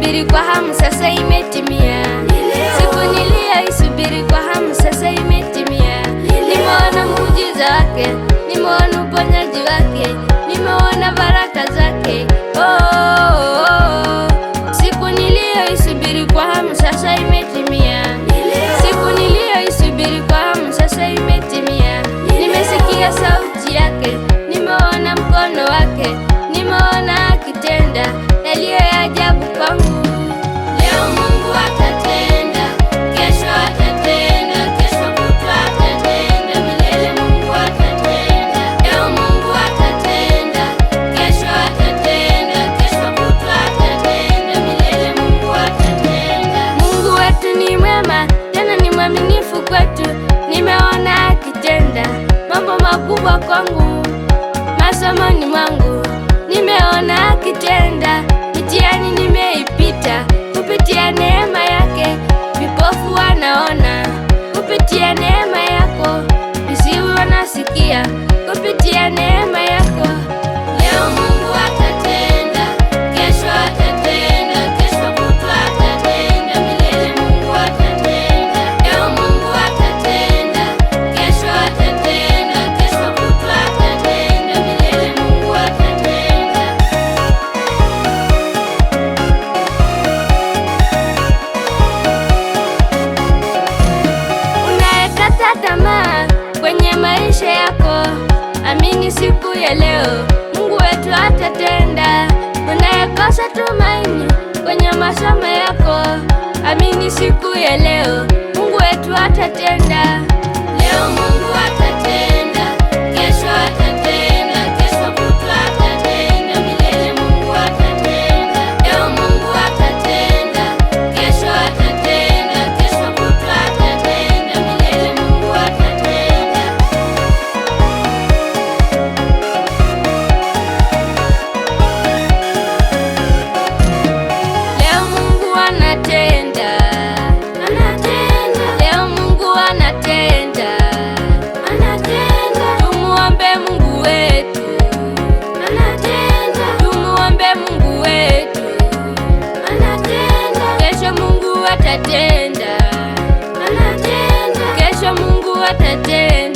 niliyoisubiri kwa hamu sasa imetimia. Siku niliyoisubiri kwa hamu sasa imetimia. Nimeona muujiza wake, nimeona uponyaji wake, nimeona baraka zake. Oh, oh, oh. Siku niliyoisubiri kwa hamu sasa imetimia. Siku niliyoisubiri kwa hamu sasa imetimia. Nimesikia sauti yake kubwa kwangu, masomoni mwangu nimeona kitenda siku ya leo Mungu wetu atatenda. Unayekosa tumaini kwenye masomo yako, amini siku ya leo Mungu wetu atatenda. anatenda, anatenda, kesho Mungu atatenda.